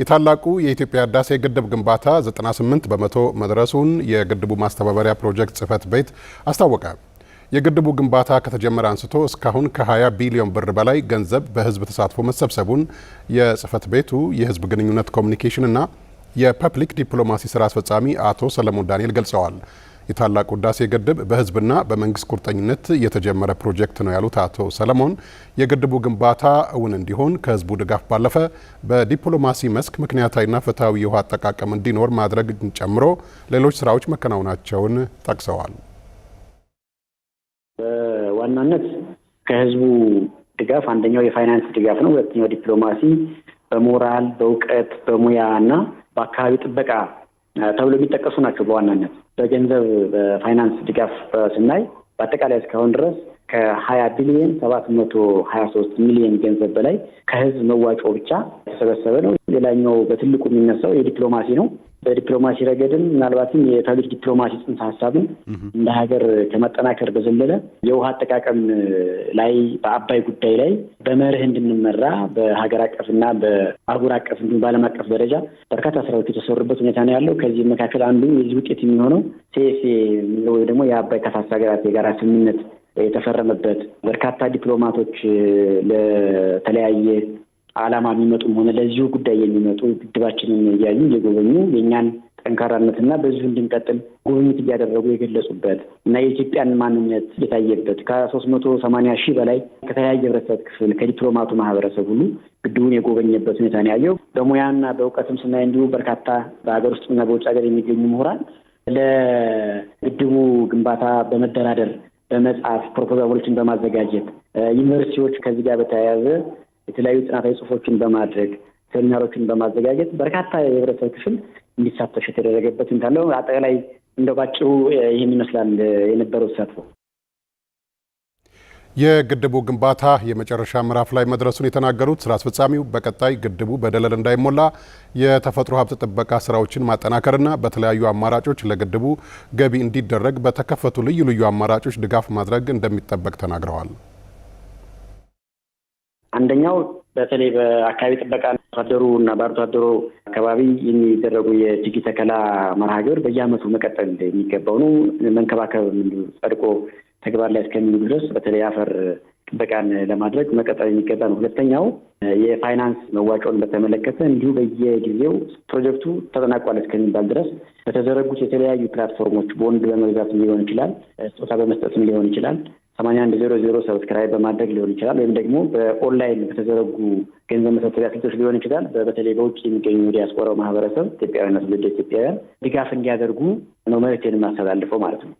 የታላቁ የኢትዮጵያ ህዳሴ ግድብ ግንባታ 98 በመቶ መድረሱን የግድቡ ማስተባበሪያ ፕሮጀክት ጽህፈት ቤት አስታወቀ። የግድቡ ግንባታ ከተጀመረ አንስቶ እስካሁን ከ20 ቢሊዮን ብር በላይ ገንዘብ በህዝብ ተሳትፎ መሰብሰቡን የጽህፈት ቤቱ የህዝብ ግንኙነት ኮሚኒኬሽን እና የፐብሊክ ዲፕሎማሲ ስራ አስፈጻሚ አቶ ሰለሞን ዳንኤል ገልጸዋል። የታላቁ ህዳሴ ግድብ በህዝብና በመንግስት ቁርጠኝነት የተጀመረ ፕሮጀክት ነው ያሉት አቶ ሰለሞን የግድቡ ግንባታ እውን እንዲሆን ከህዝቡ ድጋፍ ባለፈ በዲፕሎማሲ መስክ ምክንያታዊና ፍትሐዊ የውሃ አጠቃቀም እንዲኖር ማድረግን ጨምሮ ሌሎች ስራዎች መከናወናቸውን ጠቅሰዋል። በዋናነት ከህዝቡ ድጋፍ አንደኛው የፋይናንስ ድጋፍ ነው። ሁለተኛው ዲፕሎማሲ በሞራል በእውቀት በሙያ እና በአካባቢ ጥበቃ ተብሎ የሚጠቀሱ ናቸው በዋናነት በገንዘብ በፋይናንስ ድጋፍ ስናይ በአጠቃላይ እስካሁን ድረስ ከሀያ ቢሊዮን ሰባት መቶ ሀያ ሶስት ሚሊዮን ገንዘብ በላይ ከህዝብ መዋጮ ብቻ የተሰበሰበ ነው። ሌላኛው በትልቁ የሚነሳው የዲፕሎማሲ ነው። በዲፕሎማሲ ረገድም ምናልባትም የታሪክ ዲፕሎማሲ ጽንሰ ሀሳብን እንደ ሀገር ከመጠናከር በዘለለ የውሃ አጠቃቀም ላይ በአባይ ጉዳይ ላይ በመርህ እንድንመራ በሀገር አቀፍ እና በአህጉር አቀፍ እንዲሁም በዓለም አቀፍ ደረጃ በርካታ ስራዎች የተሰሩበት ሁኔታ ነው ያለው። ከዚህ መካከል አንዱ የዚህ ውጤት የሚሆነው ሴፍ የሚለው ወይ ደግሞ የአባይ ተፋሰስ ሀገራት የጋራ ስምምነት የተፈረመበት በርካታ ዲፕሎማቶች ለተለያየ ዓላማ የሚመጡም ሆነ ለዚሁ ጉዳይ የሚመጡ ግድባችንን እያዩ እየጎበኙ የእኛን ጠንካራነትና በዚሁ እንድንቀጥል ጉብኝት እያደረጉ የገለጹበት እና የኢትዮጵያን ማንነት የታየበት ከሶስት መቶ ሰማኒያ ሺህ በላይ ከተለያየ ህብረተሰብ ክፍል ከዲፕሎማቱ ማህበረሰብ ሁሉ ግድቡን የጎበኘበት ሁኔታ ነው ያየው። በሙያና በእውቀትም ስናይ እንዲሁ በርካታ በሀገር ውስጥና በውጭ ሀገር የሚገኙ ምሁራን ለግድቡ ግንባታ በመደራደር በመጽሐፍ ፕሮፖዛሎችን በማዘጋጀት ዩኒቨርሲቲዎች ከዚህ ጋር በተያያዘ የተለያዩ ጥናታዊ ጽሁፎችን በማድረግ ሴሚናሮችን በማዘጋጀት በርካታ የህብረተሰብ ክፍል እንዲሳተፍ የተደረገበት እንዳለው አጠቃላይ እንደው ባጭሩ ይህን ይመስላል የነበረው ተሳትፎ። የግድቡ ግንባታ የመጨረሻ ምዕራፍ ላይ መድረሱን የተናገሩት ስራ አስፈጻሚው በቀጣይ ግድቡ በደለል እንዳይሞላ የተፈጥሮ ሀብት ጥበቃ ስራዎችን ማጠናከርና በተለያዩ አማራጮች ለግድቡ ገቢ እንዲደረግ በተከፈቱ ልዩ ልዩ አማራጮች ድጋፍ ማድረግ እንደሚጠበቅ ተናግረዋል። አንደኛው በተለይ በአካባቢ ጥበቃ አርሶ አደሩ እና በአርቶ አደሩ አካባቢ የሚደረጉ የችግኝ ተከላ መርሃ ግብር መቀጠል የሚገባው ነው። መንከባከብ ጸድቆ ተግባር ላይ እስከሚሉ ድረስ በተለይ አፈር ጥበቃን ለማድረግ መቀጠል የሚገባ ነው። ሁለተኛው የፋይናንስ መዋጮውን በተመለከተ እንዲሁ በየጊዜው ፕሮጀክቱ ተጠናቋል እስከሚባል ድረስ በተዘረጉት የተለያዩ ፕላትፎርሞች ቦንድ በመግዛት ሊሆን ይችላል፣ ስጦታ በመስጠትም ሊሆን ይችላል ሰማንያ አንድ ዜሮ ዜሮ ሰብስክራይብ በማድረግ ሊሆን ይችላል። ወይም ደግሞ በኦንላይን በተዘረጉ ገንዘብ መሰብሰቢያ ስልቶች ሊሆን ይችላል። በተለይ በውጭ የሚገኙ ዲያስፖራው ማህበረሰብ ኢትዮጵያውያንና ትውልደ ኢትዮጵያውያን ድጋፍ እንዲያደርጉ ነው መልዕክቴን የማስተላልፈው ማለት ነው።